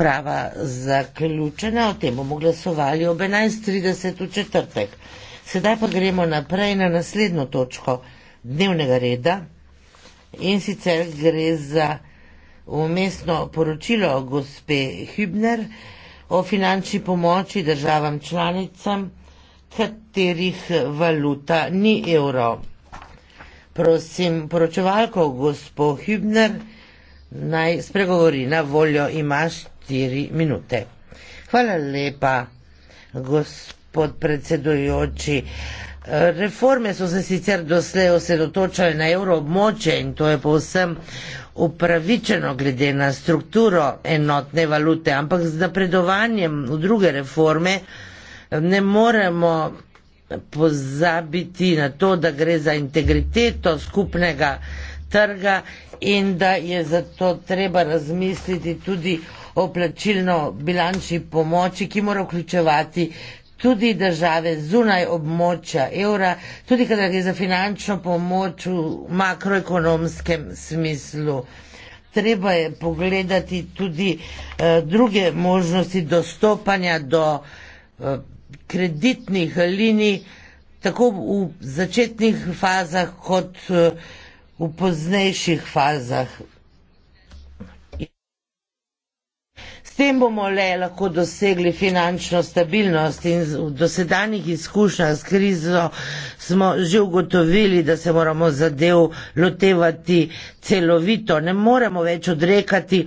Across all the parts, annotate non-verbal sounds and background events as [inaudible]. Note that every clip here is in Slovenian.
razprava zaključena, o tem bomo glasovali ob 11.30 v četrtek. Sedaj pa gremo naprej na naslednjo točko dnevnega reda in sicer gre za umestno poročilo gospe Hübner o finančni pomoči državam članicam, katerih valuta ni evro. Prosim poročevalko gospo Hübner, naj spregovori na voljo imaš 4 minute. Hvala lepa, gospod predsedujoči. Reforme so se sicer doslej osredotočale na evroobmoče in to je povsem upravičeno glede na strukturo enotne valute, ampak z napredovanjem v druge reforme ne moremo pozabiti na to, da gre za integriteto skupnega trga in da je zato treba razmisliti tudi o o plačilno bilančni pomoči, ki mora vključevati tudi države zunaj območja evra, tudi kadar gre za finančno pomoč v makroekonomskem smislu. Treba je pogledati tudi eh, druge možnosti dostopanja do eh, kreditnih linij, tako v začetnih fazah kot eh, v poznejših fazah. S tem bomo le lahko dosegli finančno stabilnost in v dosedanjih izkušnjah s krizo smo že ugotovili, da se moramo zadev lotevati celovito. Ne moremo več odrekati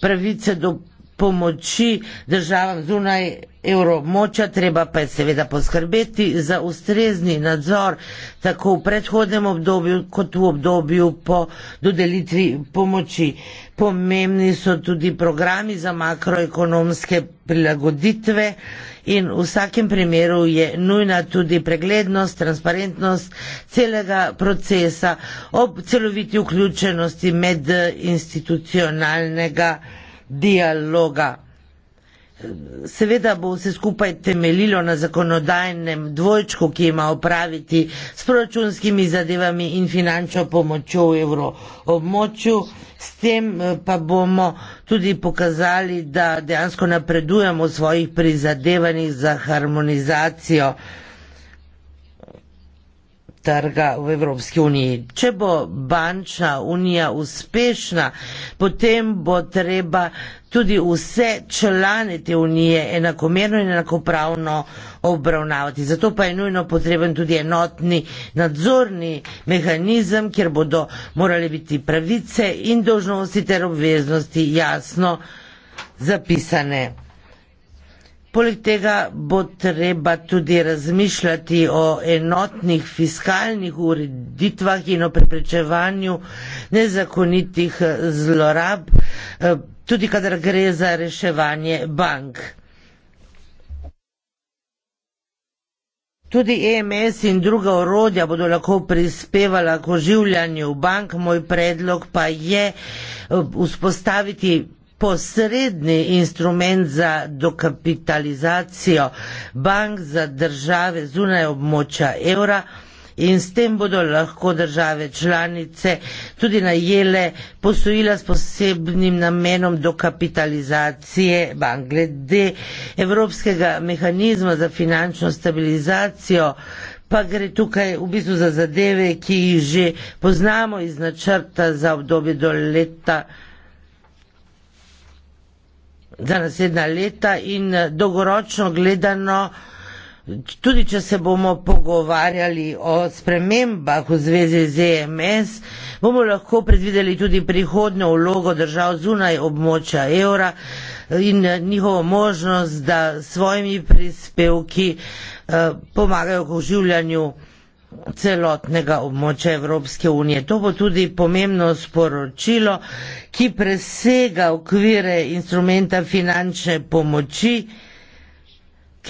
pravice do pomoči državam zunaj evroobmočja, treba pa je seveda poskrbeti za ustrezni nadzor tako v predhodnem obdobju kot v obdobju po dodelitvi pomoči. Pomembni so tudi programi za makroekonomske prilagoditve in v vsakem primeru je nujna tudi preglednost, transparentnost celega procesa ob celoviti vključenosti medinstitucionalnega dialoga. Seveda bo vse skupaj temeljilo na zakonodajnem dvojčku, ki ima opraviti s proračunskimi zadevami in finančno pomočjo v evroobmočju. S tem eh, pa bomo tudi pokazali, da dejansko napredujemo v svojih prizadevanjih za harmonizacijo trga v Evropski uniji. Če bo bančna unija uspešna, potem bo treba tudi vse člane te unije enakomerno in enakopravno obravnavati. Zato pa je nujno potreben tudi enotni nadzorni mehanizem, kjer bodo morali biti pravice in dožnosti ter obveznosti jasno zapisane. Poleg tega bo treba tudi razmišljati o enotnih fiskalnih ureditvah in o preprečevanju nezakonitih zlorab, eh, tudi kadar gre za reševanje bank. Tudi EMS in druga orodja bodo lahko prispevala k oživljanju bank. Moj predlog pa je eh, vzpostaviti posredni instrument za dokapitalizacijo bank za države zunaj območja evra in s tem bodo lahko države članice tudi najele posojila s posebnim namenom dokapitalizacije bank. Glede evropskega mehanizma za finančno stabilizacijo pa gre tukaj v bistvu za zadeve, ki jih že poznamo iz načrta za obdobje do leta 2020 za naslednja leta in eh, dolgoročno gledano, tudi če se bomo pogovarjali o spremembah v zvezi z EMS, bomo lahko predvideli tudi prihodnjo vlogo držav zunaj območja evra in eh, njihovo možnost, da svojimi prispevki eh, pomagajo k oživljanju celotnega območja Evropske unije. To bo tudi pomembno sporočilo, ki presega okvire instrumenta finančne pomoči,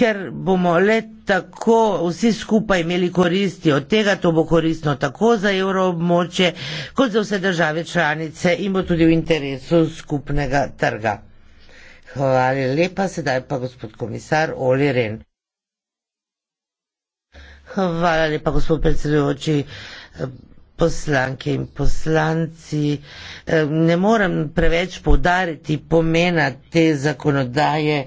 ker bomo le tako vsi skupaj imeli koristi od tega, to bo koristno tako za evroobmoče, kot za vse države članice in bo tudi v interesu skupnega trga. Hvala lepa, sedaj pa gospod komisar Oli Ren. Hvala lepa, gospod predsedujoči, poslanke in poslanci. Eh, ne moram preveč povdariti pomena te zakonodaje.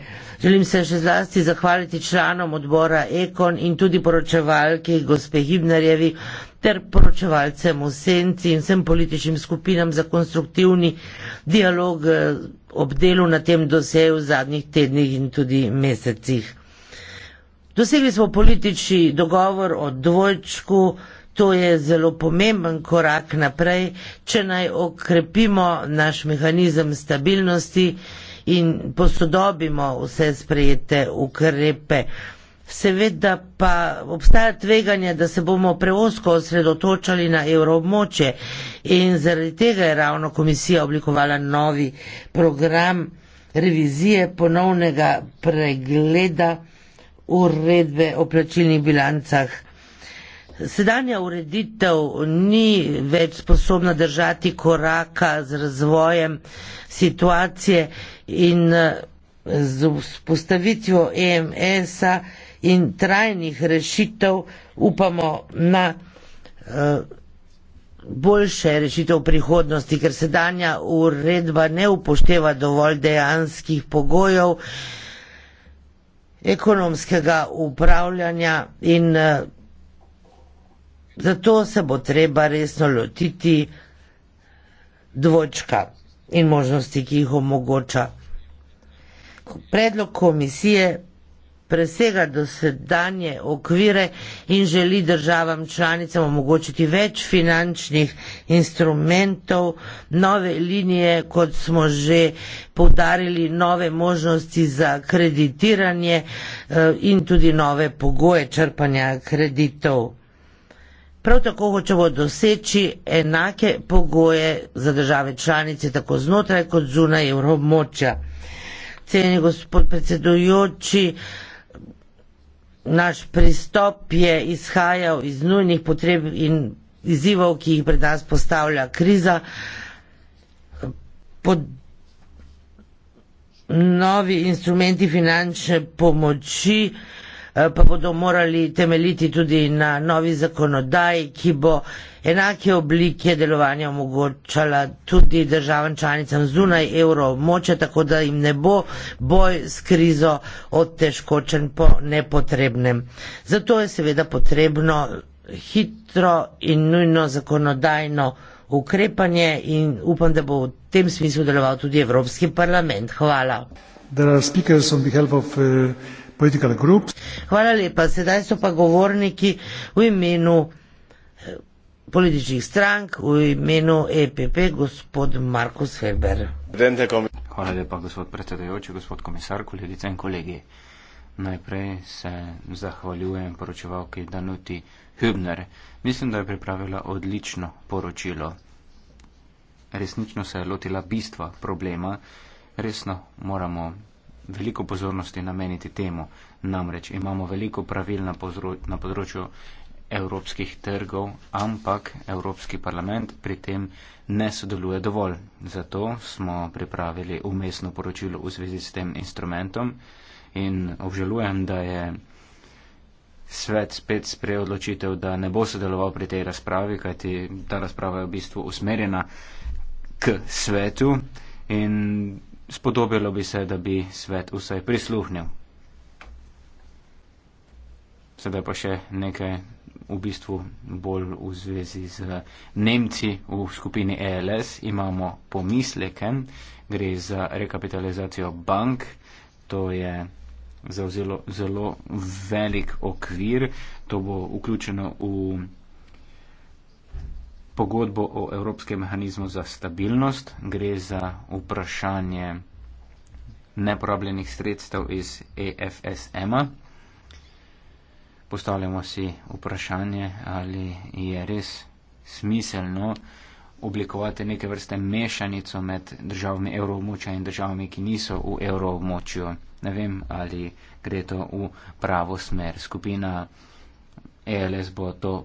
Želim se še zlasti zahvaliti članom odbora Ekon in tudi poročevalki gospe Hibnarjevi ter poročevalcem v senci in vsem političnim skupinam za konstruktivni dialog eh, ob delu na tem doseju v zadnjih tednih in tudi mesecih. Dosegli smo politični dogovor o dvojčku, to je zelo pomemben korak naprej, če naj okrepimo naš mehanizem stabilnosti in posodobimo vse sprejete ukrepe. Seveda pa obstaja tveganje, da se bomo preosko osredotočali na evroobmoče in zaradi tega je ravno komisija oblikovala novi program revizije ponovnega pregleda uredbe o plačilnih bilancah. Sedanja ureditev ni več sposobna držati koraka z razvojem situacije in eh, z vzpostavitvijo EMS-a in trajnih rešitev upamo na eh, boljše rešitev v prihodnosti, ker sedanja uredba ne upošteva dovolj dejanskih pogojev, ekonomskega upravljanja in eh, zato se bo treba resno lotiti dvočka in možnosti, ki jih omogoča. Predlog komisije presega dosedanje okvire in želi državam članicam omogočiti več finančnih instrumentov, nove linije, kot smo že podarili, nove možnosti za kreditiranje eh, in tudi nove pogoje črpanja kreditov. Prav tako hočemo doseči enake pogoje za države članice, tako znotraj kot zunaj evrobmočja. Cenjeni gospod predsedujoči, Naš pristop je izhajal iz nujnih potreb in izzivov, ki jih pred nas postavlja kriza. Pod novi instrumenti finančne pomoči Eh, pa bodo morali temeljiti tudi na novi zakonodaji, ki bo enake oblike delovanja omogočala tudi državam članicam zunaj evro moče, tako da jim ne bo boj s krizo otežkočen po nepotrebnem. Zato je seveda potrebno hitro in nujno zakonodajno ukrepanje in upam, da bo v tem smislu deloval tudi Evropski parlament. Hvala. There are speakers on behalf of uh, Political Groups. Hvala lepa. Sedaj so pa govorniki v imenu eh, političnih strank, v imenu EPP, gospod Markus Weber. Hvala lepa, gospod predsedajoči, gospod komisar, kolegice in kolegi. Najprej se zahvaljujem poročevalki Danuti Hübner. Mislim, da je pripravila odlično poročilo. Resnično se je lotila bistva problema. Resno moramo veliko pozornosti nameniti temu. Namreč imamo veliko pravil na, pozro, na področju evropskih trgov, ampak Evropski parlament pri tem ne sodeluje dovolj. Zato smo pripravili umestno poročilo v zvezi s tem instrumentom in obžalujem, da je svet spet sprejel odločitev, da ne bo sodeloval pri tej razpravi, kajti ta razprava je v bistvu usmerjena k svetu in spodobilo bi se, da bi svet vsaj prisluhnil. Sedaj pa še nekaj v bistvu bolj v zvezi z Nemci v skupini ELS. Imamo pomisleke, gre za rekapitalizacijo bank, to je zauzelo zelo velik okvir, to bo vključeno v pogodbo o Evropskem mehanizmu za stabilnost, gre za vprašanje neporabljenih sredstev iz EFSM-a. Postavljamo si vprašanje, ali je res smiselno oblikovati neke vrste mešanico med državami evroobmočja in državami, ki niso v evroobmočju. Ne vem, ali gre to v pravo smer. Skupina ELS bo to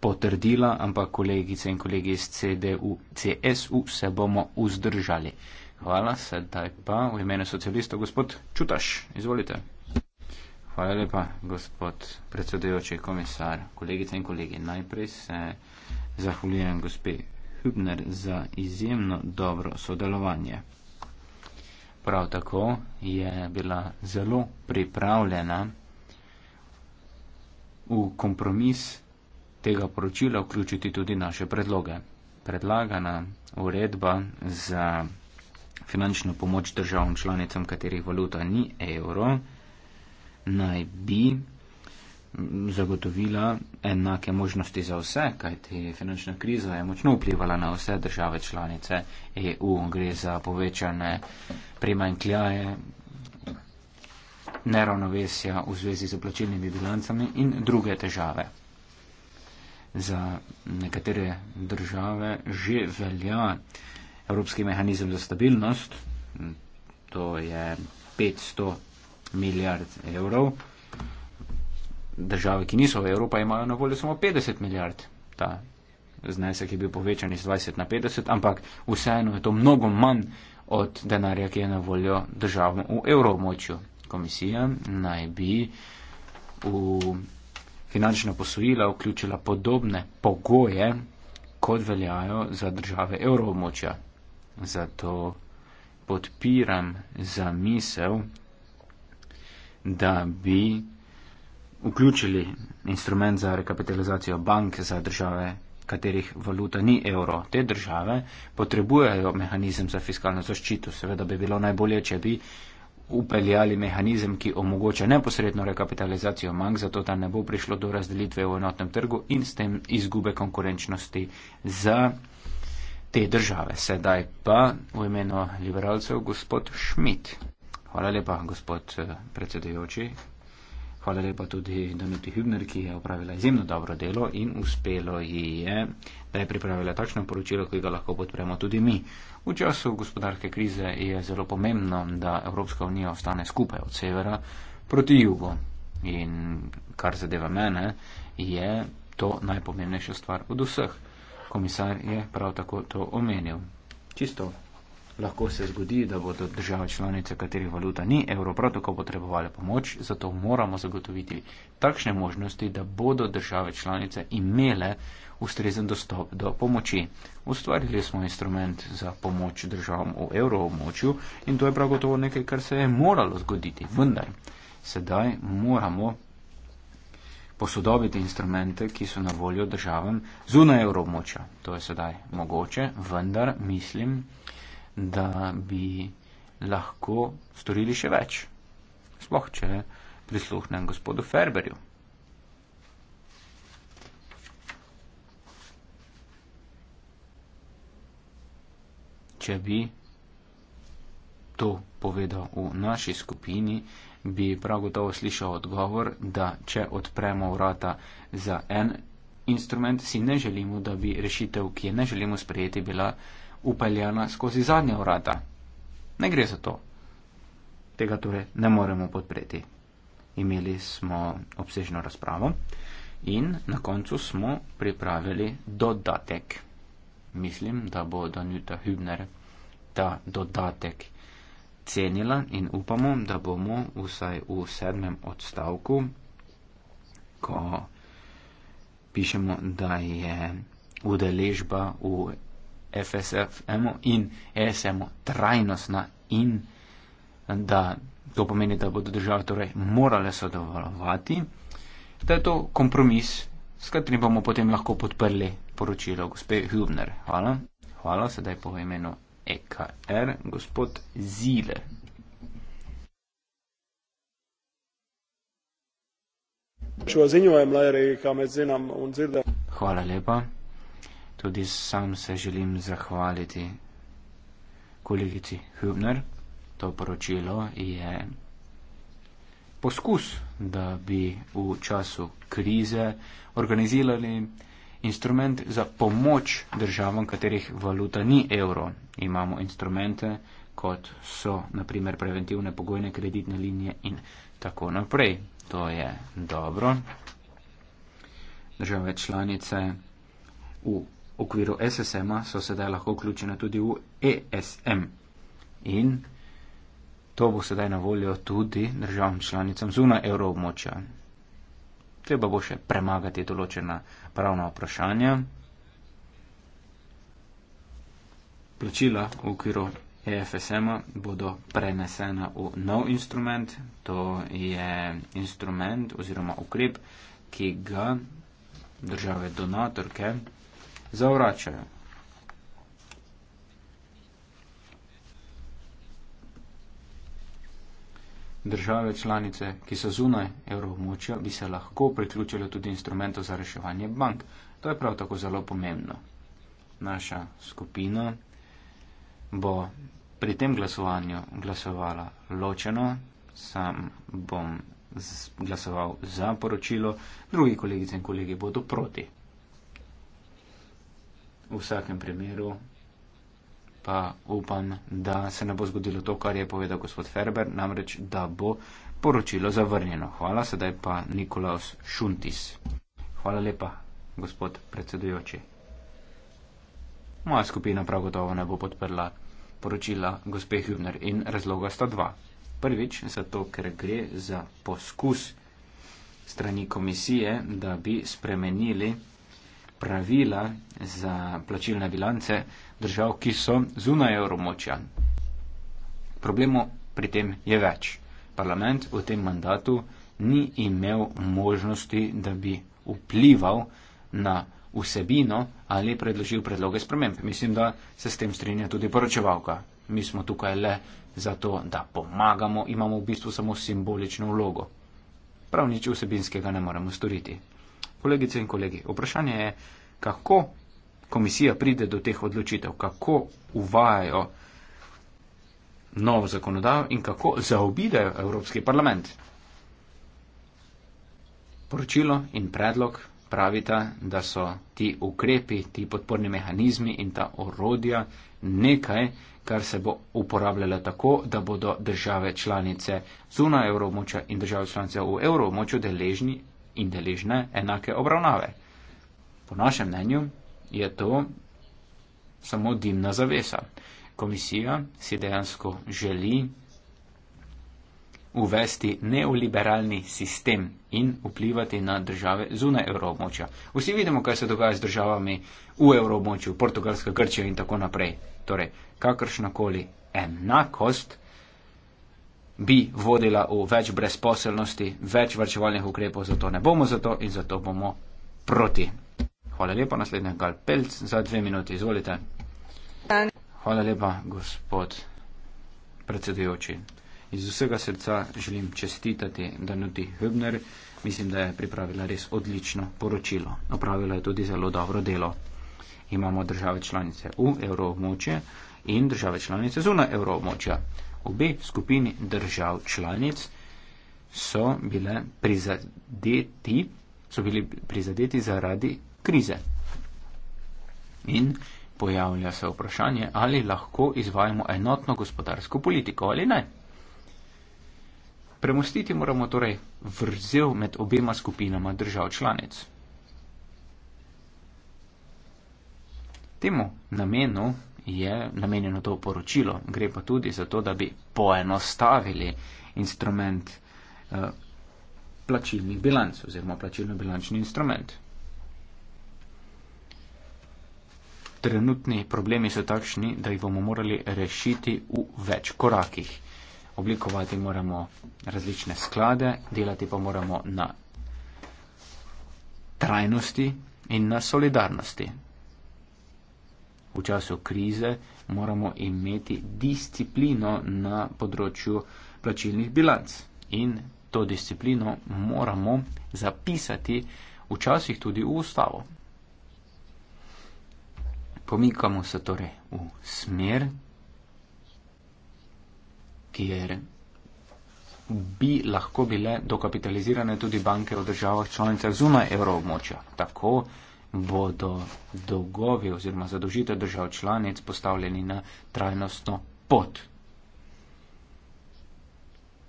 potrdila, ampak kolegice in kolegi iz CDU, CSU se bomo vzdržali. Hvala, sedaj pa v imenu socialistov gospod Čutaš, izvolite. Hvala lepa, gospod predsedujoči komisar, kolegice in kolegi. Najprej se zahvaljujem gospe Hübner za izjemno dobro sodelovanje. Prav tako je bila zelo pripravljena v kompromis tega poročila vključiti tudi naše predloge. Predlagana uredba za finančno pomoč državam članicam, katerih valuta ni evro, naj bi zagotovila enake možnosti za vse, kajti finančna kriza je močno vplivala na vse države članice EU. Gre za povečane primankljaje, neravnovesja v zvezi z plačilnimi bilancami in druge težave za nekatere države že velja Evropski mehanizem za stabilnost, to je 500 milijard evrov. Države, ki niso v Evropi, imajo na voljo samo 50 milijard. Ta znesek je bil povečan iz 20 na 50, ampak vseeno je to mnogo manj od denarja, ki je na voljo državam v evromočju. Komisija naj bi v finančna posojila vključila podobne pogoje, kot veljajo za države evroobmočja. Zato podpiram zamisel, da bi vključili instrument za rekapitalizacijo bank za države, katerih valuta ni evro. Te države potrebujejo mehanizem za fiskalno zaščito. Seveda bi bilo najbolje, če bi upeljali mehanizem, ki omogoča neposredno rekapitalizacijo mank, zato da ne bo prišlo do razdelitve v enotnem trgu in s tem izgube konkurenčnosti za te države. Sedaj pa v imenu liberalcev gospod Schmidt. Hvala lepa, gospod eh, predsedujoči. Hvala lepa tudi Danuti Hübner, ki je upravila izjemno dobro delo in uspelo ji je, da je pripravila točno poročilo, ki ga lahko podpremo tudi mi. V času gospodarske krize je zelo pomembno, da Evropska unija ostane skupaj od severa proti jugu. In kar zadeva mene, je to najpomembnejša stvar od vseh. Komisar je prav tako to omenil. Čisto lahko se zgodi, da bodo države članice, katerih valuta ni evro, prav tako potrebovali pomoč, zato moramo zagotoviti takšne možnosti, da bodo države članice imele ustrezen dostop do pomoči. Ustvarili smo instrument za pomoč državam v evroomočju in to je prav gotovo nekaj, kar se je moralo zgoditi. Vendar, sedaj moramo posodobiti instrumente, ki so na voljo državam zunaj evroomočja. To je sedaj mogoče, vendar mislim, da bi lahko storili še več. Sploh, če prisluhnem gospodu Ferberju. Če bi to povedal v naši skupini, bi prav gotovo slišal odgovor, da če odpremo vrata za en instrument, si ne želimo, da bi rešitev, ki je ne želimo sprejeti, bila upeljana skozi zadnja vrata. Ne gre za to. Tega torej ne moremo podpreti. Imeli smo obsežno razpravo in na koncu smo pripravili dodatek. Mislim, da bo Danuta Hübner ta dodatek cenila in upamo, da bomo vsaj v sedmem odstavku, ko pišemo, da je udeležba v FSFM-u in ESM-u trajnostna in da to pomeni, da bodo države torej morale sodelovati, da je to kompromis, s katerim bomo potem lahko podprli poročilo gospe Hübner. Hvala. Hvala, sedaj po imenu EKR, gospod Zile. Hvala lepa tudi sam se želim zahvaliti kolegici Hübner. To poročilo je poskus, da bi v času krize organizirali instrument za pomoč državam, katerih valuta ni evro. Imamo instrumente, kot so naprimer preventivne pogojne kreditne linije in tako naprej. To je dobro. Države članice v V okviru SSM-a so sedaj lahko vključene tudi v ESM in to bo sedaj na voljo tudi državam članicam zuna evroobmočja. Treba bo še premagati določena pravna vprašanja. Plačila v okviru EFSM-a bodo prenesena v nov instrument. To je instrument oziroma ukrep, ki ga države donatorke zavračajo. Države članice, ki so zunaj evroobmočja, bi se lahko priključile tudi instrumentu za reševanje bank. To je prav tako zelo pomembno. Naša skupina bo pri tem glasovanju glasovala ločeno, sam bom glasoval za poročilo, drugi kolegice in kolegi bodo proti. V vsakem primeru pa upam, da se ne bo zgodilo to, kar je povedal gospod Ferber, namreč, da bo poročilo zavrnjeno. Hvala, sedaj pa Nikolaus Šuntis. Hvala lepa, gospod predsedujoči. Moja skupina prav gotovo ne bo podprla poročila gospe Hübner in razloga sta dva. Prvič, zato ker gre za poskus strani komisije, da bi spremenili pravila za plačilne bilance držav, ki so zunaj evromočja. Problemov pri tem je več. Parlament v tem mandatu ni imel možnosti, da bi vplival na vsebino ali predložil predloge sprememb. Mislim, da se s tem strinja tudi poročevalka. Mi smo tukaj le zato, da pomagamo, imamo v bistvu samo simbolično vlogo. Prav nič vsebinskega ne moremo storiti. Kolegice in kolegi, vprašanje je, kako komisija pride do teh odločitev, kako uvajajo novo zakonodajo in kako zaobidejo Evropski parlament. Poročilo in predlog pravita, da so ti ukrepi, ti podporni mehanizmi in ta orodja nekaj, kar se bo uporabljalo tako, da bodo države članice zunaj evromoča in države članice v evromoču deležni in deležne enake obravnave. Po našem mnenju je to samo dimna zavesa. Komisija si dejansko želi uvesti neoliberalni sistem in vplivati na države zunaj evroobmočja. Vsi vidimo, kaj se dogaja z državami v evroobmočju, Portugalska, Grčija in tako naprej. Torej, kakršnakoli enakost bi vodila v več brezposelnosti, več vrčevalnih ukrepov, zato ne bomo za to in zato bomo proti. Hvala lepa, naslednji Galpelc za dve minuti, izvolite. Hvala lepa, gospod predsedujoči. Iz vsega srca želim čestitati Danuti Hübner, mislim, da je pripravila res odlično poročilo. Opravila je tudi zelo dobro delo. Imamo države članice v evroobmočje in države članice zunaj evroobmočja obe skupini držav članic so bile prizadeti, so bili prizadeti zaradi krize. In pojavlja se vprašanje, ali lahko izvajamo enotno gospodarsko politiko ali ne. Premostiti moramo torej vrzel med obema skupinama držav članic. Temu namenu je namenjeno to poročilo. Gre pa tudi za to, da bi poenostavili instrument eh, plačilnih bilanc oziroma plačilno-bilančni instrument. Trenutni problemi so takšni, da jih bomo morali rešiti v več korakih. Oblikovati moramo različne sklade, delati pa moramo na trajnosti in na solidarnosti v času krize moramo imeti disciplino na področju plačilnih bilanc. In to disciplino moramo zapisati včasih tudi v ustavo. Pomikamo se torej v smer, kjer bi lahko bile dokapitalizirane tudi banke v državah članicah zunaj evroobmočja. Tako bodo dolgovi oziroma zadožite držav članic postavljeni na trajnostno pot.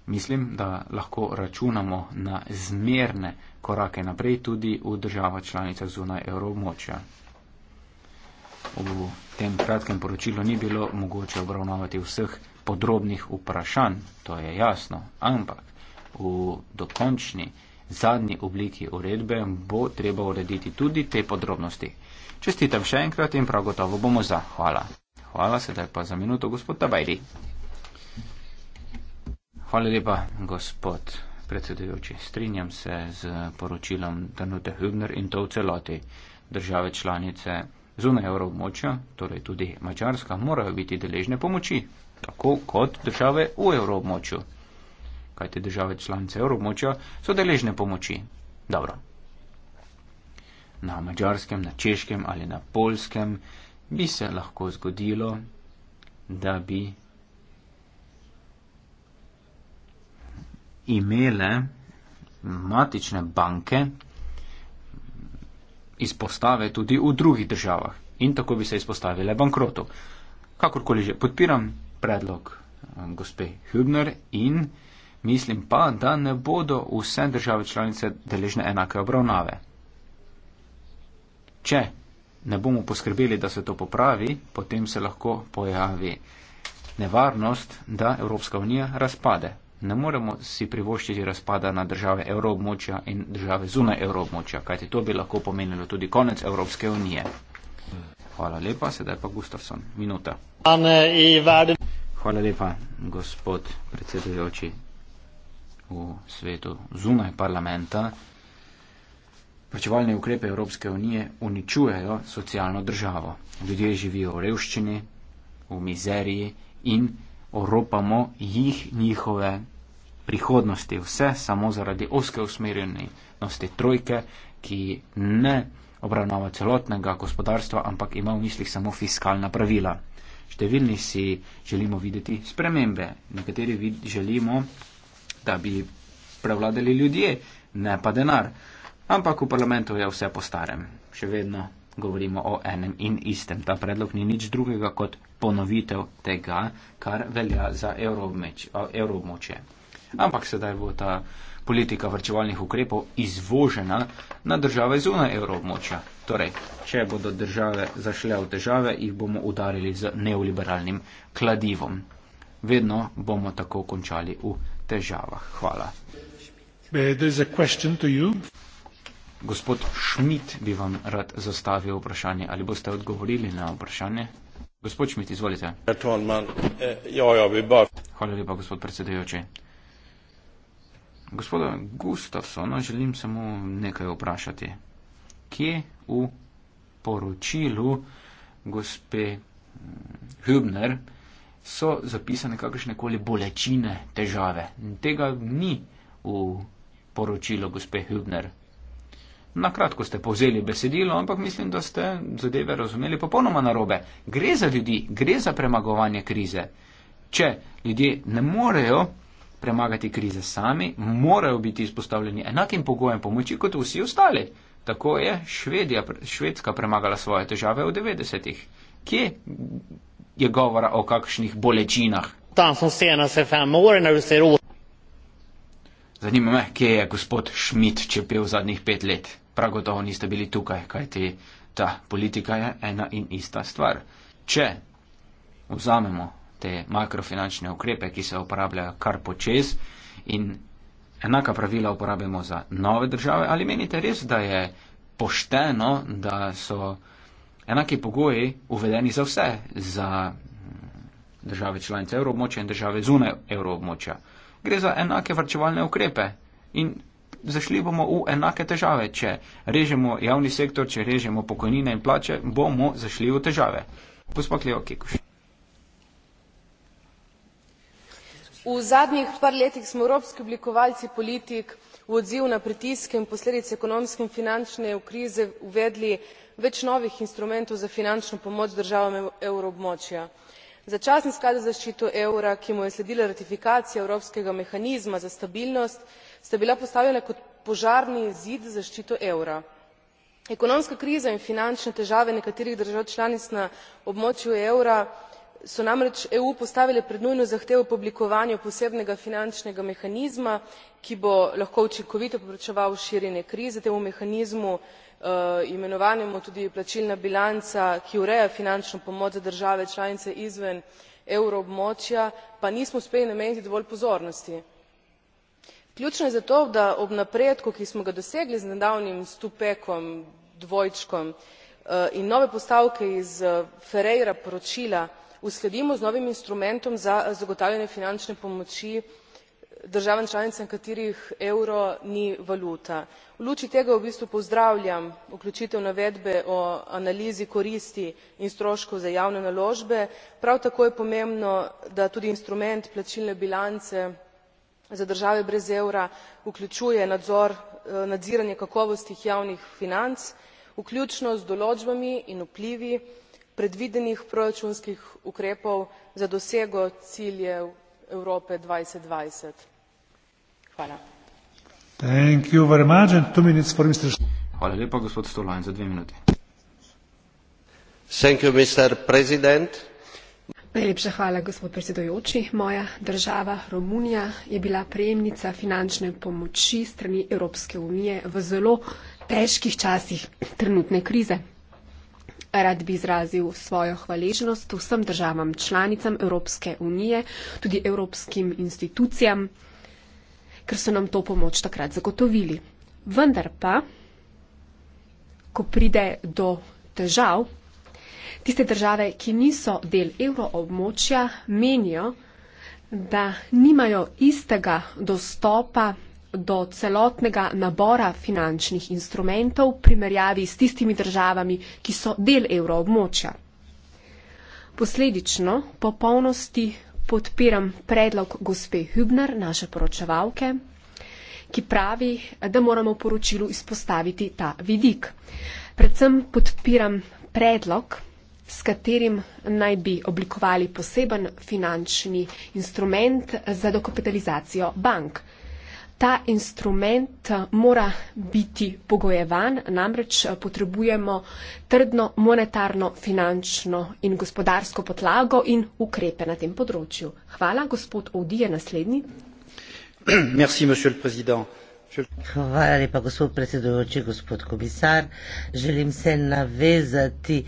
Mislim, da lahko računamo na zmerne korake naprej tudi v država članica zunaj evromočja. V tem kratkem poročilu ni bilo mogoče obravnavati vseh podrobnih vprašanj, to je jasno, ampak v dokončni zadnji obliki uredbe, bo treba urediti tudi te podrobnosti. Čestitam še enkrat in prav gotovo bomo za. Hvala. Hvala, sedaj pa za minuto, gospod Tabajdi. Hvala lepa, gospod predsedujoči. Strinjam se z poročilom Danute Hübner in to v celoti. Države članice zunaj evroobmočja, torej tudi Mačarska, morajo biti deležne pomoči, tako kot države v evroobmočju kaj te države članice evromočja so deležne pomoči. Dobro. Na mačarskem, na češkem ali na polskem bi se lahko zgodilo, da bi imele matične banke izpostave tudi v drugih državah in tako bi se izpostavile bankrotu. Kakorkoli že podpiram predlog eh, gospe Hübner in Mislim pa, da ne bodo vse države članice deležne enake obravnave. Če ne bomo poskrbeli, da se to popravi, potem se lahko pojavi nevarnost, da Evropska unija razpade. Ne moremo si privoščiti razpada na države evroobmočja in države zunaj evroobmočja, kajti to bi lahko pomenilo tudi konec Evropske unije. Hvala lepa, sedaj pa Gustafsson. Minuta. Hvala lepa, gospod predsedujoči v svetu zunaj parlamenta. Plačevalne ukrepe Evropske unije uničujejo socialno državo. Ljudje živijo v revščini, v mizeriji in oropamo jih njihove prihodnosti. Vse samo zaradi oske usmerjenosti trojke, ki ne obravnava celotnega gospodarstva, ampak ima v mislih samo fiskalna pravila. Številni si želimo videti spremembe, nekateri vid želimo da bi prevladali ljudje, ne pa denar. Ampak v parlamentu je vse po starem. Še vedno govorimo o enem in istem. Ta predlog ni nič drugega kot ponovitev tega, kar velja za evroobmoče. Ampak sedaj bo ta politika vrčevalnih ukrepov izvožena na države zunaj evroobmoča. Torej, če bodo države zašle v težave, jih bomo udarili z neoliberalnim kladivom. Vedno bomo tako končali v težavah. Hvala. Gospod Šmit bi vam rad zastavil vprašanje, ali boste odgovorili na vprašanje. Gospod Šmit, izvolite. Eh, ja, ja, Hvala lepa, gospod predsedujoči. Gospoda Gustafsona želim samo nekaj vprašati. Kje v poročilu gospe hm, Hübner so zapisane kakršne koli bolečine, težave. In tega ni v poročilu gospe Hübner. Na kratko ste povzeli besedilo, ampak mislim, da ste zadeve razumeli popolnoma narobe. Gre za ljudi, gre za premagovanje krize. Če ljudje ne morejo premagati krize sami, morajo biti izpostavljeni enakim pogojem pomoči kot vsi ostali. Tako je Švedija, Švedska premagala svoje težave v 90-ih. Kje je govora o kakšnih bolečinah. Zanima me, kje je gospod Schmidt čepel zadnjih pet let. Prav gotovo niste bili tukaj, kajti ta politika je ena in ista stvar. Če vzamemo te makrofinančne ukrepe, ki se uporabljajo kar počez in enaka pravila uporabimo za nove države, ali menite res, da je pošteno, da so enaki pogoji uvedeni za vse, za mm, države članice evroobmočja in države zune evroobmočja. Gre za enake varčevalne ukrepe in zašli bomo v enake težave. Če režemo javni sektor, če režemo pokojnine in plače, bomo zašli v težave. Gospod Leo Kekuš. V zadnjih par letih smo evropski oblikovalci politik v odziv na pritiske in posledice ekonomske in finančne krize uvedli več novih instrumentov za finančno pomoč državam evroobmočja. začasni sklad za zaščito evra ki mu je sledila ratifikacija evropskega mehanizma za stabilnost sta bila postavljena kot požarni zid za zaščito evra. ekonomska kriza in finančne težave nekaterih držav članic na območju evra so namreč eu postavile pred nujno zahtevo po oblikovanju posebnega finančnega mehanizma ki bo lahko učinkovito preprečeval širjenje krize temu mehanizmu eh, imenovanemu tudi plačilna bilanca ki ureja finančno pomoč za države članice izven evroobmočja pa nismo uspeli nameniti dovolj pozornosti. ključno je zato da ob napredku ki smo ga dosegli z nedavnim stupekom dvojčkom eh, in nove postavke iz eh, ferreira poročila uskladimo z novim instrumentom za eh, zagotavljanje finančne pomoči eh, državam članicam katerih evro ni valuta. v luči tega v bistvu pozdravljam vključitev navedbe o analizi koristi in stroškov za javne naložbe prav tako je pomembno da tudi instrument plačilne bilance za države brez evra vključuje nadzor eh, nadziranje kakovosti javnih financ vključno z določbami in vplivi predvidenih proračunskih ukrepov za dosego ciljev Europe 2020. Hvala. Hvala lepa, gospod Stolajn, za dve minuti. Najlepša hvala, gospod predsedujoči. Moja država Romunija je bila prejemnica finančne pomoči strani Evropske unije v zelo težkih časih trenutne krize. Rad bi izrazil svojo hvaležnost vsem državam članicam Evropske unije, tudi evropskim institucijam, ker so nam to pomoč takrat zagotovili. Vendar pa, ko pride do težav, tiste države, ki niso del evroobmočja, menijo, da nimajo istega dostopa do celotnega nabora finančnih instrumentov v primerjavi s tistimi državami, ki so del evroobmočja. Posledično popolnosti podpiram predlog gospe Hübner, naše poročevalke, ki pravi, da moramo v poročilu izpostaviti ta vidik. Predvsem podpiram predlog, s katerim naj bi oblikovali poseben finančni instrument za dokapitalizacijo bank ta instrument eh, mora biti pogojevan, namreč eh, potrebujemo trdno monetarno, finančno in gospodarsko podlago in ukrepe na tem področju. Hvala, gospod Odi je naslednji. [clears throat] Merci, gospod predsednik. Hvala lepa, gospod predsedujoči, gospod komisar. Želim se navezati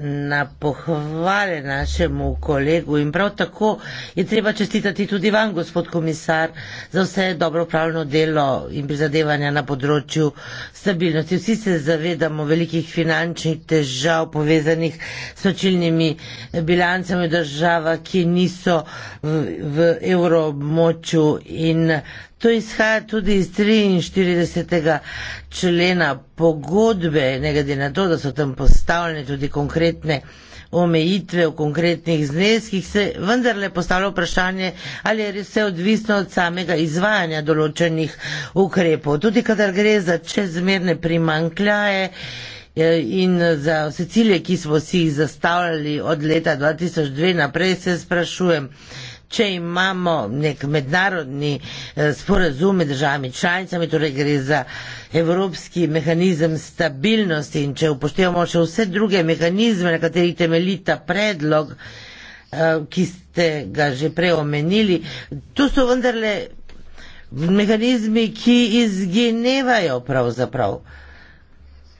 na pohvale našemu kolegu in prav tako je treba čestitati tudi vam, gospod komisar, za vse dobro pravno delo in prizadevanja na področju stabilnosti. Vsi se zavedamo velikih finančnih težav povezanih s očilnimi bilancami država, ki niso v, v evroobmočju in To izhaja tudi iz 43. člena pogodbe, ne glede na to, da so tam postavljene tudi konkretne omejitve v konkretnih zneskih, se vendarle postavlja vprašanje, ali je res vse odvisno od samega izvajanja določenih ukrepov. Tudi kadar gre za čezmerne primankljaje eh, in za vse cilje, ki smo si jih zastavljali od leta 2002 naprej, se sprašujem, če imamo nek mednarodni eh, sporazum med državami članicami, torej gre za evropski mehanizem stabilnosti in če upoštevamo še vse druge mehanizme, na katerih temeljita predlog, eh, ki ste ga že preomenili, to so vendarle mehanizmi, ki izginevajo pravzaprav. Prav.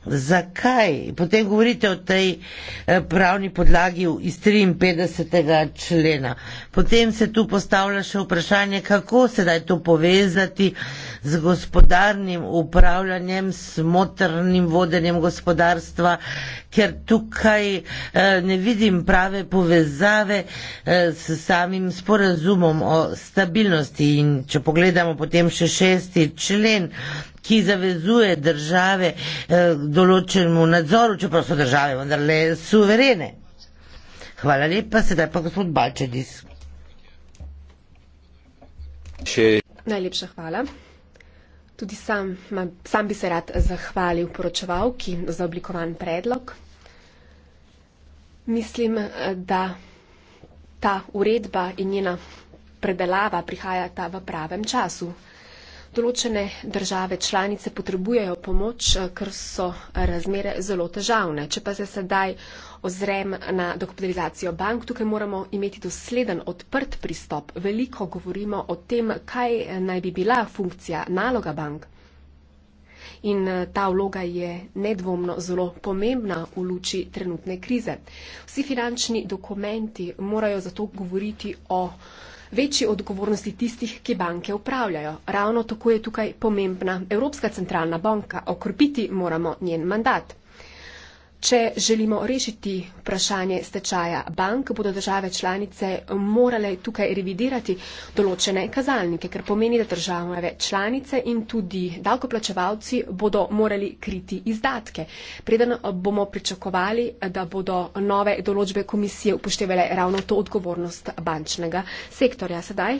Zakaj? Potem govorite o tej eh, pravni podlagi iz 53. člena. Potem se tu postavlja še vprašanje, kako se da to povezati z gospodarnim upravljanjem, s motornim vodenjem gospodarstva, ker tukaj eh, ne vidim prave povezave eh, s samim sporazumom o stabilnosti. In če pogledamo potem še šesti člen, ki zavezuje države k eh, določenemu nadzoru, čeprav so države vendarle suverene. Hvala lepa, sedaj pa gospod Balčedis. Še... Najlepša hvala. Tudi sam, sam bi se rad zahvalil poročevalki za oblikovan predlog. Mislim, da ta uredba in njena predelava prihajata v pravem času določene države članice potrebujejo pomoč, eh, ker so razmere zelo težavne. Če pa se sedaj ozrem na dokapitalizacijo bank, tukaj moramo imeti dosleden, odprt pristop. Veliko govorimo o tem, kaj eh, naj bi bila funkcija, naloga bank. In eh, ta vloga je nedvomno zelo pomembna v luči trenutne krize. Vsi finančni dokumenti morajo zato govoriti o večji odgovornosti tistih, ki banke upravljajo. Ravno tako je tukaj pomembna Evropska centralna banka. Okrpiti moramo njen mandat. Če želimo rešiti vprašanje stečaja bank, bodo države članice morale tukaj revidirati določene kazalnike, ker pomeni, da države članice in tudi davkoplačevalci bodo morali kriti izdatke. Preden bomo pričakovali, da bodo nove določbe komisije upoštevale ravno to odgovornost bančnega sektorja. Sedaj,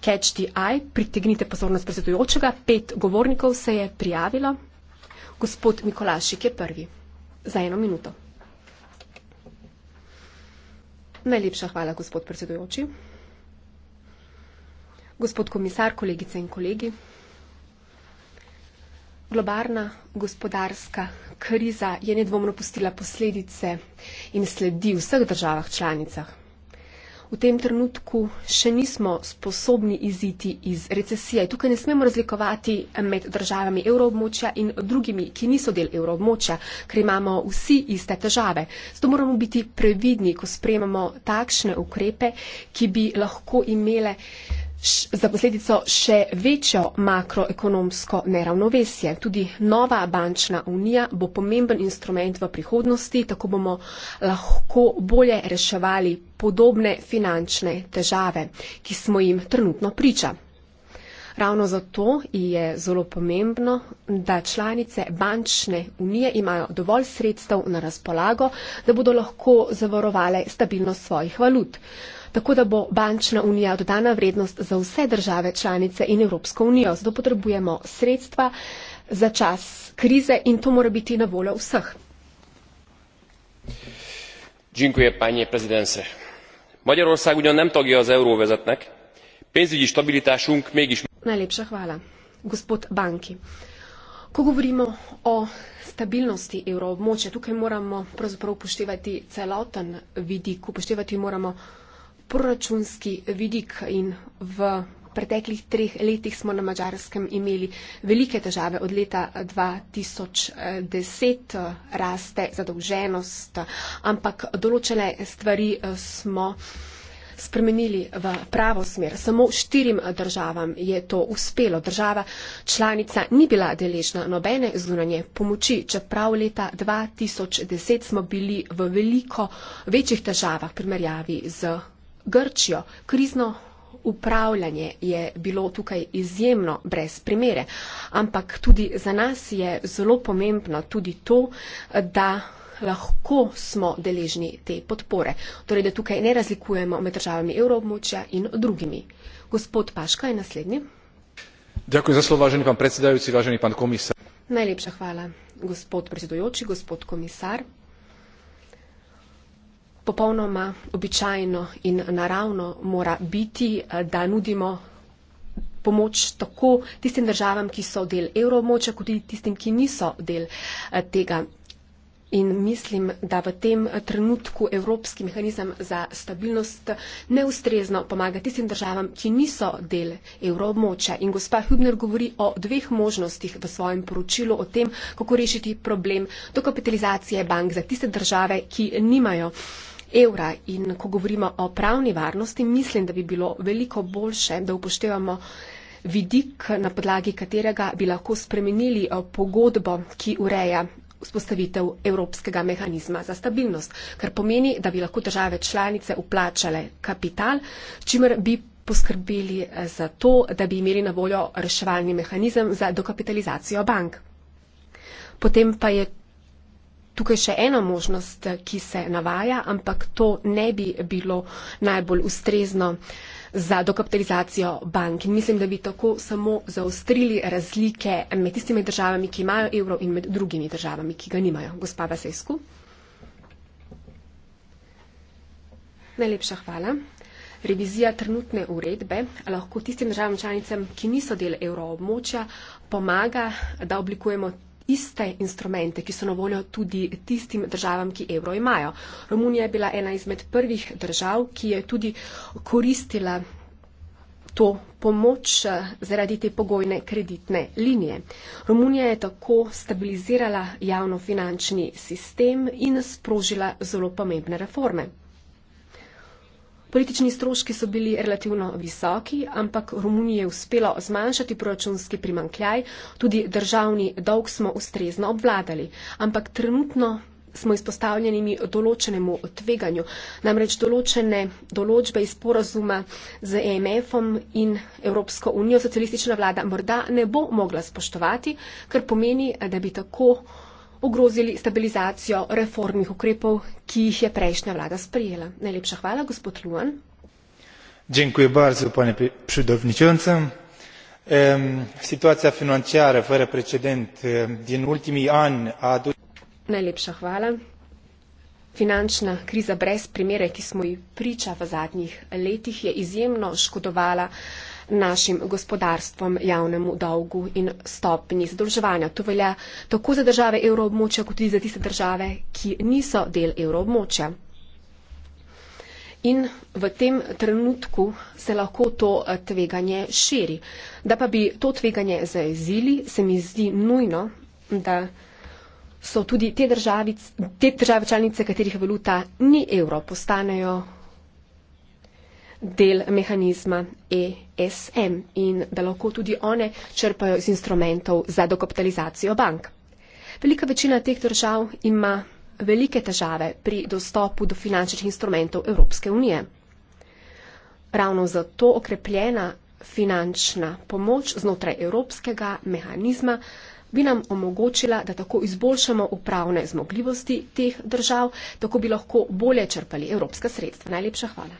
catch the eye, pritegnite pozornost predsedujočega, pet govornikov se je prijavilo. Gospod Mikolašik je prvi za eno minuto. Najlepša hvala, gospod predsedujoči. Gospod komisar, kolegice in kolegi. Globarna gospodarska kriza je nedvomno pustila posledice in sledi v vseh državah članicah v tem trenutku še nismo sposobni iziti iz recesije. Tukaj ne smemo razlikovati med državami evroobmočja in drugimi, ki niso del evroobmočja, ker imamo vsi iste težave. Zato moramo biti previdni, ko sprejemamo takšne ukrepe, ki bi lahko imele za posledico še večjo makroekonomsko neravnovesje. Tudi nova bančna unija bo pomemben instrument v prihodnosti, tako bomo lahko bolje reševali podobne finančne težave, ki smo jim trenutno priča. Ravno zato je zelo pomembno, da članice bančne unije imajo dovolj sredstev na razpolago, da bodo lahko zavarovale stabilnost svojih valut tako da bo bančna unija dodana vrednost za vse države članice in Evropsko unijo. Zato potrebujemo sredstva za čas krize in to mora biti na voljo vseh. Dziękuję panie prezydence. Magyarország ugyan nem tagja az euróvezetnek, pénzügyi stabilitásunk mégis... Najlepša hvala, gospod Banki. Ko govorimo o stabilnosti evroobmočja, tukaj moramo pravzaprav upoštevati celoten vidik, upoštevati moramo proračunski vidik in v preteklih treh letih smo na Mačarskem imeli velike težave. Od leta 2010 eh, raste zadolženost, ampak določene stvari eh, smo spremenili v pravo smer. Samo štirim državam je to uspelo. Država članica ni bila deležna nobene zunanje pomoči, čeprav leta 2010 smo bili v veliko večjih težavah primerjavi z Grčijo. Krizno upravljanje je bilo tukaj izjemno brez primere, ampak tudi za nas je zelo pomembno tudi to, da lahko smo deležni te podpore. Torej, da tukaj ne razlikujemo med državami evroobmočja in drugimi. Gospod Paška je naslednji. Ďakujem za slovo, vážený pán predsedajúci, vážený pán komisár. Najlepša hvala, gospod predsedujoči, gospod komisár popolnoma običajno in naravno mora biti, eh, da nudimo pomoč tako tistim državam, ki so del evroobmoča, kot tudi tistim, ki niso del eh, tega. In mislim, da v tem trenutku Evropski mehanizem za stabilnost neustrezno pomaga tistim državam, ki niso del evroobmoča. In gospa Hübner govori o dveh možnostih v svojem poročilu o tem, kako rešiti problem dokapitalizacije bank za tiste države, ki nimajo evra. In ko govorimo o pravni varnosti, mislim, da bi bilo veliko boljše, da upoštevamo vidik, na podlagi katerega bi lahko spremenili eh, pogodbo, ki ureja vzpostavitev Evropskega mehanizma za stabilnost, kar pomeni, da bi lahko države članice uplačale kapital, čimer bi poskrbeli eh, za to, da bi imeli na voljo reševalni mehanizem za dokapitalizacijo bank. Potem pa je tukaj še ena možnost, ki se navaja, ampak to ne bi bilo najbolj ustrezno za dokapitalizacijo bank. In mislim, da bi tako samo zaostrili razlike med tistimi državami, ki imajo evro in med drugimi državami, ki ga nimajo. Gospa Vasesku. Najlepša hvala. Revizija trenutne uredbe lahko tistim državam članicam, ki niso del evroobmočja, pomaga, da oblikujemo iste instrumente, ki so na voljo tudi tistim državam, ki evro imajo. Romunija je bila ena izmed prvih držav, ki je tudi koristila to pomoč eh, zaradi te pogojne kreditne linije. Romunija je tako stabilizirala javno finančni sistem in sprožila zelo pomembne reforme. Politični stroški so bili relativno visoki, ampak Romuniji je uspelo zmanjšati proračunski primankljaj, tudi državni dolg smo ustrezno obvladali. Ampak trenutno smo izpostavljenimi določenemu tveganju, namreč določene določbe iz porazuma z EMF-om in Evropsko unijo socialistična vlada morda ne bo mogla spoštovati, kar pomeni, da bi tako ogrozili stabilizacijo reformnih ukrepov, ki jih je prejšnja vlada sprijela. Najlepša hvala, gospod Luan. Dziękuję bardzo panie przewodniczący. Situacja finansjara fără precedent din ultimii ani a Najlepša hvala. Finančna kriza brez primere, ki smo ji priča v zadnjih letih, je izjemno škodovala uh, našim gospodarstvom, javnemu dolgu in stopni zadolževanja. To velja tako za države evroobmočja, kot tudi za tiste države, ki niso del evroobmočja. In v tem trenutku se lahko to eh, tveganje širi. Da pa bi to tveganje zaezili, se mi zdi nujno, da so tudi te, državic, te države članice, katerih valuta ni evro, postanejo del mehanizma ESM in da lahko tudi one črpajo iz instrumentov za dokapitalizacijo bank. Velika večina teh držav ima velike težave pri dostopu do finančnih instrumentov Evropske unije. Ravno zato okrepljena finančna pomoč znotraj evropskega mehanizma bi nam omogočila, da tako izboljšamo upravne zmogljivosti teh držav, tako bi lahko bolje črpali evropska sredstva. Najlepša hvala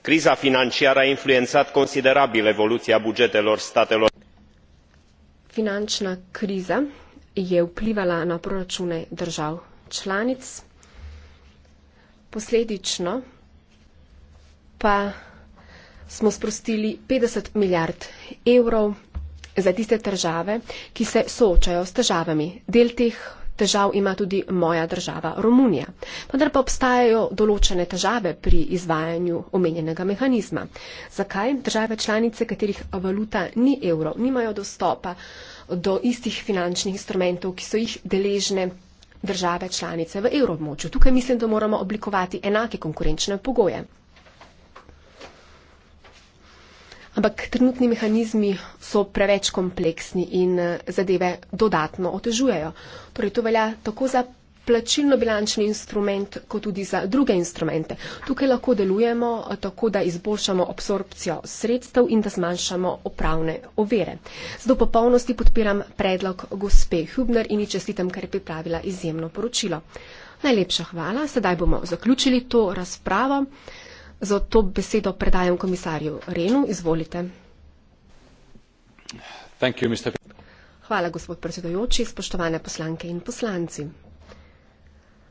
criza financiară a influenat considerabil evoluia bugetelor statelor. finanina kriza je vplivala na proraune drav lanic posledino pa smo sprostili petdeset milijard evrov za tiste drave ki se soočajo s teavami. del teh Težav ima tudi moja država Romunija. Vendar pa obstajajo določene težave pri izvajanju omenjenega mehanizma. Zakaj države članice, katerih valuta ni evro, nimajo dostopa do istih finančnih instrumentov, ki so jih deležne države članice v evroobmočju? Tukaj mislim, da moramo oblikovati enake konkurenčne pogoje. Ampak trenutni mehanizmi so preveč kompleksni in eh, zadeve dodatno otežujejo. Torej, to velja tako za plačilno bilančni instrument, kot tudi za druge instrumente. Tukaj lahko delujemo eh, tako, da izboljšamo absorpcijo sredstev in da zmanjšamo opravne overe. Zdaj v popolnosti podpiram predlog gospe Hubner in ji čestitam, ker je pripravila izjemno poročilo. Najlepša hvala, sedaj bomo zaključili to razpravo. Za to besedo predajam komisarju Renu. Izvolite. You, Hvala, gospod predsedujoči, spoštovane poslanke in poslanci.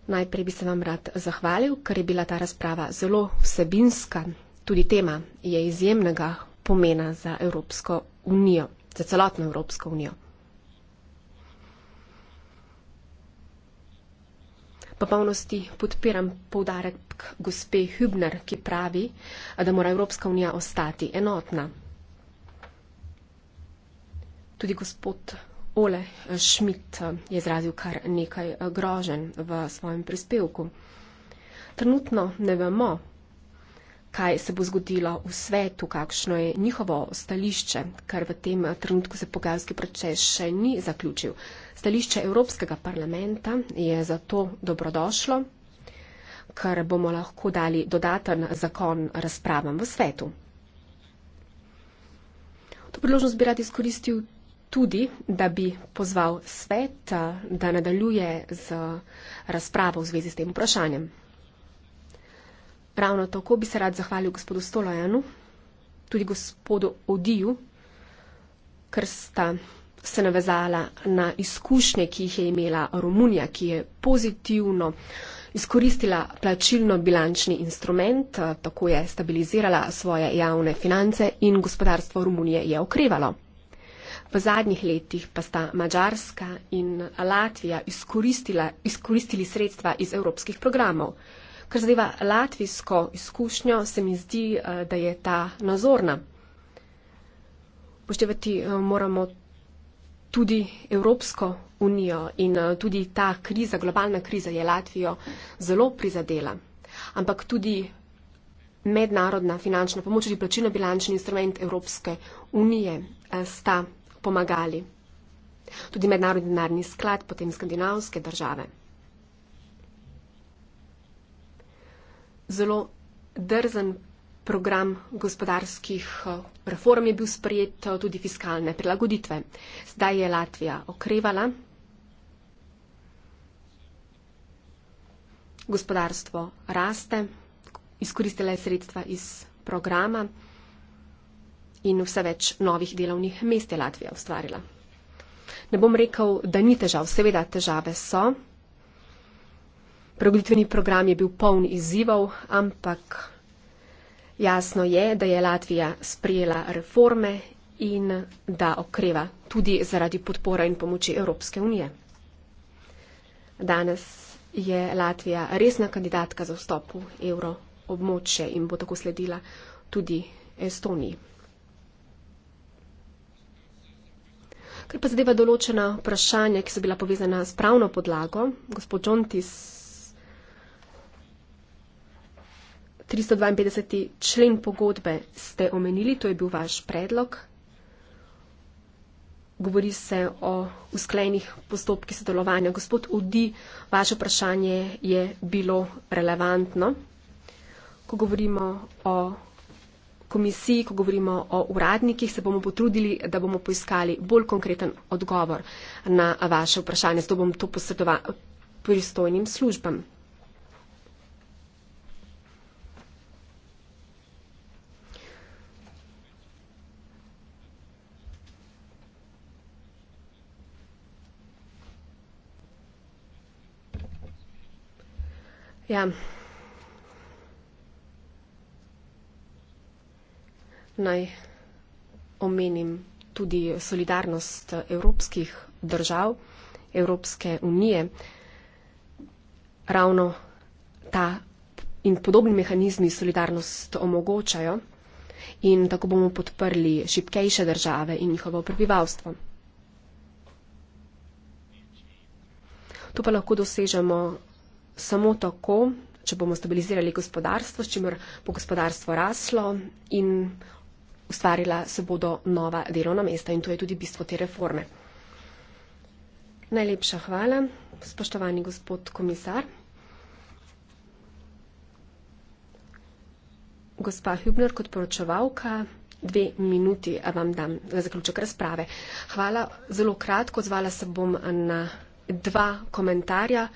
Najprej bi se vam rad zahvalil, ker je bila ta razprava zelo vsebinska. Tudi tema je izjemnega pomena za Evropsko unijo, za celotno Evropsko unijo. popolnosti podpiram povdarek gospe Hübner, ki pravi, da mora Evropska unija ostati enotna. Tudi gospod Ole Schmidt eh, je izrazil kar nekaj eh, grožen v svojem prispevku. Trenutno ne vemo, kaj se bo zgodilo v svetu, kakšno je njihovo stališče, kar v tem trenutku se pogajalski proces še ni zaključil. Stališče Evropskega parlamenta je zato dobrodošlo, ker bomo lahko dali dodaten zakon razpravam v svetu. To priložnost bi rad izkoristil tudi, da bi pozval svet, da nadaljuje z razpravo v zvezi s tem vprašanjem. Ravno tako bi se rad zahvalil gospodu Stolajanu, tudi gospodu Odiju, ker sta se navezala na izkušnje, ki jih je imela Romunija, ki je pozitivno izkoristila plačilno bilančni instrument, tako je stabilizirala svoje javne finance in gospodarstvo Romunije je okrevalo. V zadnjih letih pa sta Mačarska in Latvija izkoristila, izkoristili sredstva iz evropskih programov. Kar zadeva latvijsko izkušnjo, se mi zdi, eh, da je ta nazorna. Poštevati eh, moramo tudi Evropsko unijo in eh, tudi ta kriza, globalna kriza je Latvijo zelo prizadela. Ampak tudi mednarodna finančna pomoč, tudi plačilno bilančni instrument Evropske unije sta pomagali. Tudi mednarodni denarni sklad, potem skandinavske države. zelo drzen program gospodarskih eh, reform je bil sprejet, eh, tudi fiskalne prilagoditve. Zdaj je Latvija okrevala, gospodarstvo raste, izkoristila je sredstva iz programa in vse več novih delovnih mest je Latvija ustvarila. Ne bom rekel, da ni težav, seveda težave so. Preoblitveni program je bil poln izzivov, ampak jasno je, da je Latvija sprejela reforme in da okreva tudi zaradi podpora in pomoči Evropske unije. Danes je Latvija resna kandidatka za vstop v evro območje in bo tako sledila tudi Estoniji. Ker pa zadeva določena vprašanja, ki so bila povezana s pravno podlago, gospod Džontis 352. člen pogodbe ste omenili, to je bil vaš predlog. Govori se o usklenih postopkih sodelovanja. Gospod Udi, vaše vprašanje je bilo relevantno. Ko govorimo o komisiji, ko govorimo o uradnikih, se bomo potrudili, da bomo poiskali bolj konkreten odgovor na vaše vprašanje. Zato bom to posredoval pristojnim službam. Ja. Naj omenim tudi solidarnost evropskih držav, Evropske unije. Ravno ta in podobni mehanizmi solidarnost omogočajo in tako bomo podprli šipkejše države in njihovo prebivalstvo. To pa lahko dosežemo samo tako, če bomo stabilizirali gospodarstvo, s čimer bo gospodarstvo raslo in ustvarila se bodo nova delovna mesta in to je tudi bistvo te reforme. Najlepša hvala, spoštovani gospod komisar. Gospa Hübner, kot poročevalka, dve minuti vam dam za zaključek razprave. Hvala, zelo kratko, odzvala se bom na dva komentarja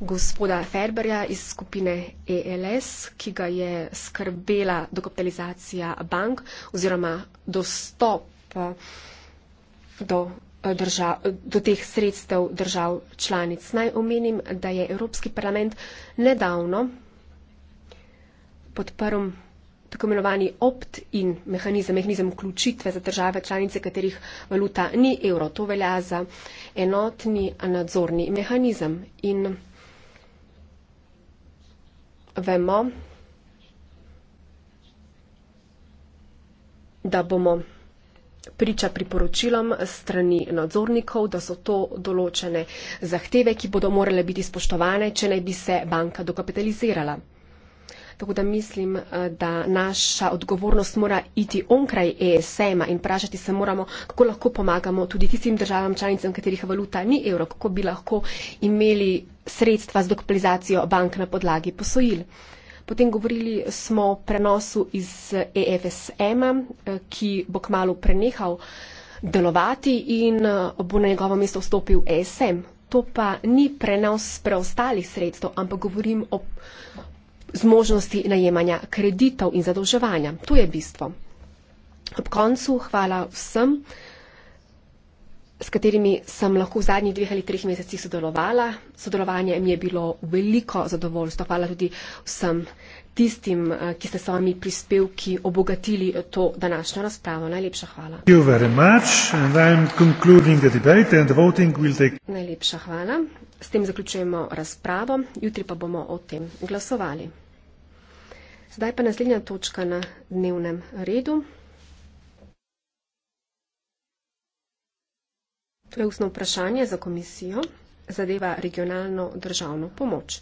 gospoda Ferberja iz skupine ELS, ki ga je skrbela dokapitalizacija bank oziroma dostop eh, do. Eh, držav, do teh sredstev držav članic. Naj omenim, da je Evropski parlament nedavno podprl tako imenovani opt-in mehanizem, mehanizem vključitve za države članice, katerih valuta ni evro. To velja za enotni nadzorni mehanizem. In vemo, da bomo priča priporočilom strani nadzornikov, da so to določene zahteve, ki bodo morale biti spoštovane, če ne bi se banka dokapitalizirala. Tako da mislim, eh, da naša odgovornost mora iti onkraj ESM-a e in vprašati se moramo, kako lahko pomagamo tudi tistim državam članicam, katerih valuta ni evro, kako bi lahko imeli sredstva z dokapitalizacijo bank na podlagi posojil. Potem govorili smo o prenosu iz EFSM-a, eh, e e eh, ki bo kmalo prenehal delovati in bo na njegovo mesto vstopil ESM. To pa ni prenos preostalih sredstev, ampak govorim o zmožnosti najemanja kreditov in zadolževanja. To je bistvo. Ob koncu hvala vsem, s katerimi sem lahko v zadnjih dveh ali treh mesecih sodelovala. Sodelovanje mi je bilo veliko zadovoljstvo. Hvala tudi vsem tistim, eh, ki ste s svojimi prispevki obogatili to današnjo razpravo. Najlepša hvala. Najlepša hvala. S tem zaključujemo razpravo, jutri pa bomo o tem glasovali. Zdaj pa naslednja točka na dnevnem redu. To je ustno vprašanje za komisijo, zadeva regionalno državno pomoč.